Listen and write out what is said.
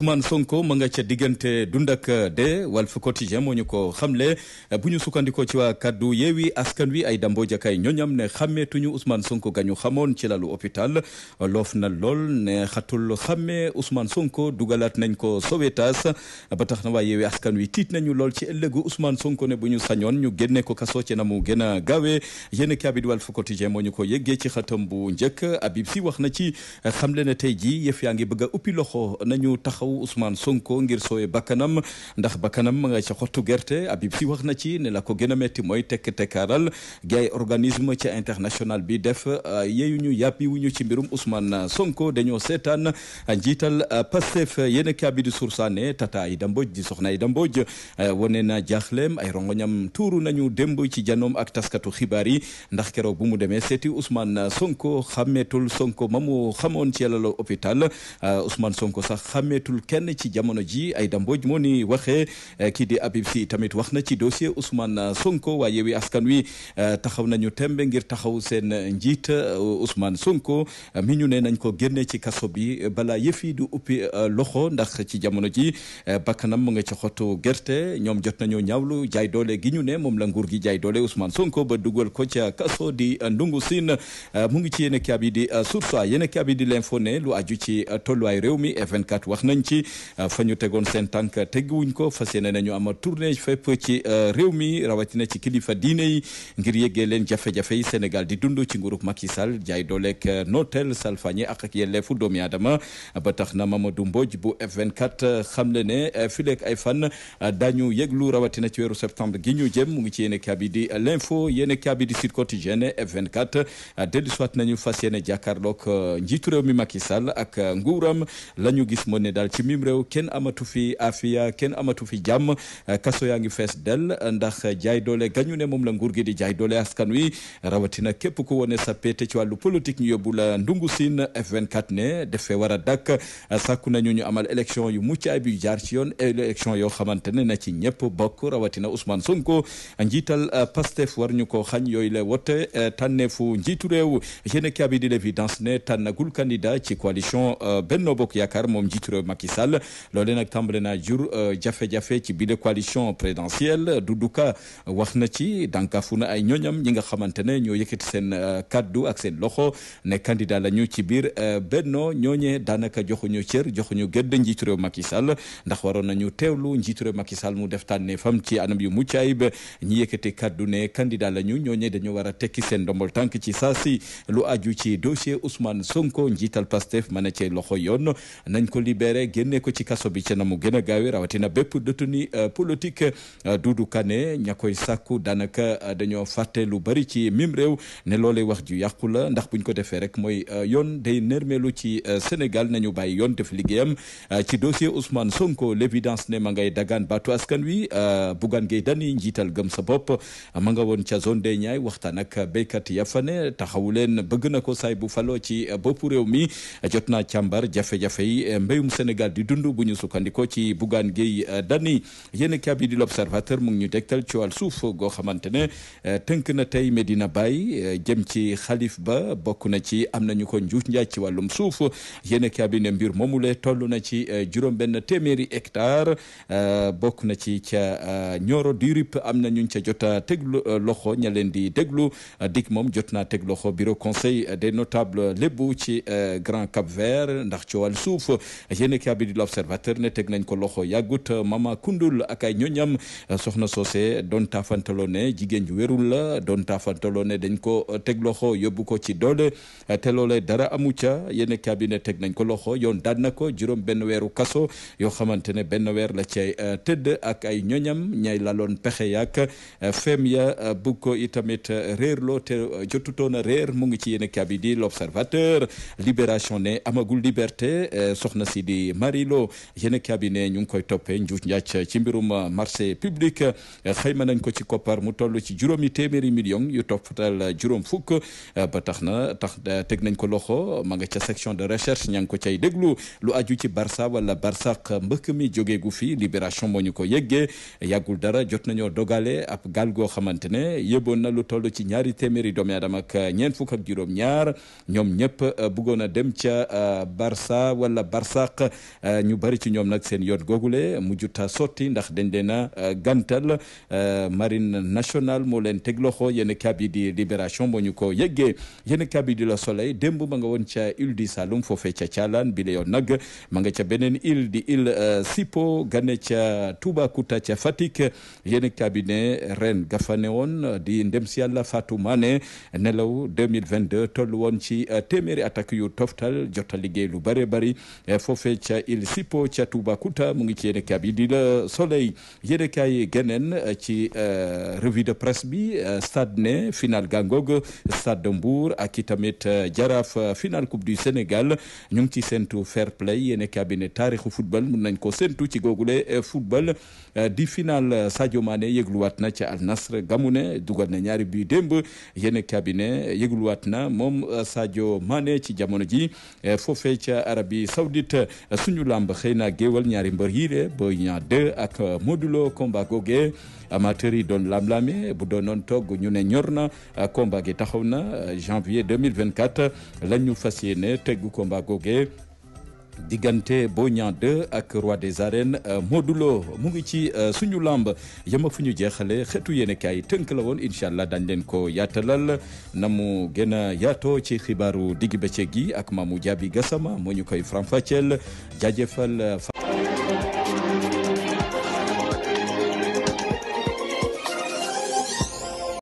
Ousmane Sonko ma nga ca diggante dund ak dee Walf Quotidien moo ñu ko xamle bu ñu sukkandikoo ci waa kaddu yeewi askan wi ay dambo jakaay ñoñam ne xàmmeetuñu Ousmane Sonko gañu xamoon ci lalu hôpital loof na lool ne xatul xàmmee Ousmane Sonko dugalaat nañ ko Sowétas ba tax na waa yeewi askan wi tiit nañu lool ci ëllëgu Ousmane Sonko ne bu ñu sañoon ñu génne ko kaso ci na mu gën a gaawee yéen kaabit Walf Quotidien moo ñu ko yëggee ci xatam bu njëkk Habib Sy wax na ci xamle ne tey ji yaa ngi bëgg a Ousmane Sonko ngir sooye bakkanam ndax bakkanam ma nga ca xottu gerte Habib Sy wax na ci ne la ko gën a métti mooy tekk tekkaaral gi ay organisme ci international bi def yeyuñu yàppiwuñu ci mbirum Ousmane Sonko dañoo seetaan njiital Pastef yéena kaabi di sursaane tata Aïda Mbodj di soxna Aïda Mbodj wane na jaaxleem ay rongoñam tuuru nañu démb ci janoom ak taskatu xibaar yi ndax keroo bu mu demee seeti Ousmane Sonko xàmmeetul Sonko ma mu xamoon ci yàlla hôpital Ousmane Sonko sax xàmmeetul kenn ci jamono ji Aïda Mbodj moo ni waxee eh, kii di Habib Sy tamit wax na ci dossier Ousmane Sonko waa Yewwi Askan Wi eh, taxaw nañu tembe ngir taxaw seen njiit eh, Ousmane Sonko mi ñu ne nañ ko génne ci kaso bi balaa yëf yi du uppi loxo ndax ci jamono ji bakkanam mu nga ci xottu gerte ñoom jot nañoo ñaawlu jaay doole gi ñu ne moom la ngur gi jaay doole Ousmane Sonko ba dugal ko ca kaso di ndungu siin mu ngi ci yéen a kaabi di Source A yéen a kaabi di l'info ne lu aju ci tolluwaay réew mi F24 wax nañ ci ci euh, fa ñu tegoon seen tànk teguwuñ ko fas yéene nañu ama tournée fépp ci euh, réew mi rawatina ci kilifa diine ngir yëggee leen jafe-jafe Sénégal di dund ci nguurub Macky Sall jaay dooleeg euh, nootel salfañe ak ak yelleefu doom yaadama ba tax na Mamadou Mbodj bu F24 xam le ne fileeg ay fan dañu yëglu rawatina ci weeru septembre gi ñu jëm mu ngi ci yéen kabi di l'info yéen kabi di Sud Quotidien F24 dellu soit nañu fas yéene jàkkaarloog njiitu réew mi Macky Sall ak nguuram la ci mim réew kenn amatu fi afiya kenn amatu fi jàmm kaso yaa ngi fees del ndax jaay doole gañu ne moom la nguur gi di jaay doole askan wi rawatina képp ku wone sa ci wàllu politique ñu yóbbu la ndungu siin F24 ne defee war a dakk sàkku nañu ñu amal élection yu mucc ay jaar ci yoon élection yoo xamante ne na ci ñëpp bokk rawatina Ousmane Sonko njiital euh, Pastef war ñu ko xañ yooyu la wote euh, tànneefu njiitu réew yéen a kii di l'évidence ne tànnagul candidat ci coalition euh, Benno Bokk Yaakaar moom Sall loolee nag tàmbale naa jur euh, jafe-jafe ci biir coalition présidentielle Doudou Ka euh, wax na ci dankafu na ay ñoñam ñi nga xamante ne ñoo yëkkati seen euh, kaddu ak seen loxo ne candidat lañu ci biir Benno ñooñee daanaka joxuñu cër joxuñu gëdd njiitu réew Macky Sall ndax waroon nañu teewlu njiitu réew Macky Sall mu def tànneefam ci anam yu mucc ayib ñi yëkkati kaddu ne candidat lañu ñooñee dañoo war a tekki seen ndombol tànk ci saa si lu aju ci dossier Ousmane Sonko njiital Pastef mën na cee loxo yoon génne ko ci kaso bi ca na mu gën a gaawee rawatina bépp détenu euh, politique euh, Doudou Kane ña koy sàkku daanaka euh, dañoo fàtte lu bari ci mim réew ne loolee wax ju yàqu la ndax buñ ko defee rek mooy yoon day nërmeelu ci Sénégal nañu bàyyi yoon def liggéeyam ci dossier Ousmane Sonko l'évidence ne ma ngay dagaan baatu askan wi Bougane Gueye Dany njiital gëm sa bopp ma nga woon ca zone de ñaay waxtaan ak béykat ya fa ne taxawu leen bëgg na ko saay bu faloo ci boppu réew mi jot naa càmbar jafe-jafe mbéyum Sénégal di dund bu ñu sukkandikoo ci Bougane Gueye euh, Dany yéen kabi di l'observateur mu ngi ñu dégtal ci wàll suuf goo xamante ne euh, tënk na tey Medina Baye euh, jëm ci xalif ba bokk na ci am nañu ko njuuj njaaj ci wàllum suuf yéen kabi ne mbir moomule tollu na ci juróom benn téeméeri hectare bokk na ci ca Nioro du am na ñu ca jot a teg loxo ña leen di déglu dik moom jot naa teg loxo bureau conseil des notables lébu ci Grand Cap Vert ndax ci wàll suuf yéen bi di l'observateur ne teg nañ ko loxo yàggut mama kundul ak ay ñoñam soxna soose doon taafantaloo ne jigéen ju wérul la doon taafantaloo ne dañ ko teg loxo yóbbu ko ci doole te loolee dara amu ca yenn cabinet teg nañ ko loxo yoon daan na ko juróom benn weeru kaso yoo xamante ne benn weer la cay eh, tëdd ak ay ñoñam ñay laloon pexe yaak eh, fem ya eh, bu ko itamit réerloo te jotutoon a réer mu ngi ci yenn cabinet di l'observateur libération ne amagul liberté soxna si di Marie Lo yéen cabinet ñu ngi koy toppee njuuj njaaj ci mbirum marché public xayma nañ ko ci koppar mu toll ci juróomi téeméeri million yu toppal juróom fukk ba tax na tax teg nañ ko loxo ma nga ca section de recherche ña ngi ko cay déglu lu aju ci Barça wala Barsaq mbëkk mi jógee gu fi Libération moo ñu ko yeggee yàggul dara jot nañoo dogale ab gaal goo xamante ne yëboon na lu toll ci ñaari téeméeri doomi aadama ak ñeent fukk ak juróom ñaar ñoom ñëpp bëggoon a dem ca Barça wala Euh, ñu bari ci ñoom nag seen yoon googule mujjuta sotti ndax dañ leen a euh, gantal euh, marine national moo leen teg loxo yéen kabi di libération moo ñu ko yeggee yéen kabi di la soleil démb ma nga woon ca île di Saloum foofee ca Thialane bi la yoon nag ma nga ca beneen île di île Sipo gane ca Toubacouta ca Fatick yéen cabinet ren gafane woon di ndem si yàlla Fatou Mané nelaw 2022 toll woon ci téeméeri attaque yu toftal jota liggéey lu bare bari foofee ca Euh, il sipo ca Toubacouta mu ngi ci yéene kaay di la soleil yéene kaay geneen euh, ci euh, revue de presse bi stade ne final gangog stade de Mbour ak i tamit jaraaf final coupe du senegal ñu ngi ci sentu fair play yéene kaay bi ne taarixu football mun nañ ko sentu ci googule football di final sajo Mané yëgluwaat na ca Al Nassr gamu ne dugal na ñaari bi démb yéene kaay bi ne yëgluwaat na moom Sadio Mané ci jamono ji foofee ca Arabie Saoudite suñu làmb xëy na géewal ñaari mbër yii de Boy Niang ak Modou Lo combat googee yi doon lamlame bu doonoon togg ñu ne ñor na combat gi taxaw na janvier 2024 la ñu fas yéene tegu combat googee diggante bo Niang 2 ak roi des arènes euh, Modou mu ngi ci euh, suñu lamb yem ak fu ñu jeexale xeetu yéen kaay tënk la woon incha allah dañ leen ko yaatalal na mu gën a yaatoo ci xibaaru digg bëccëg gi ak Mamou Diaby Gassama moo ñu koy faram-fàcceel euh,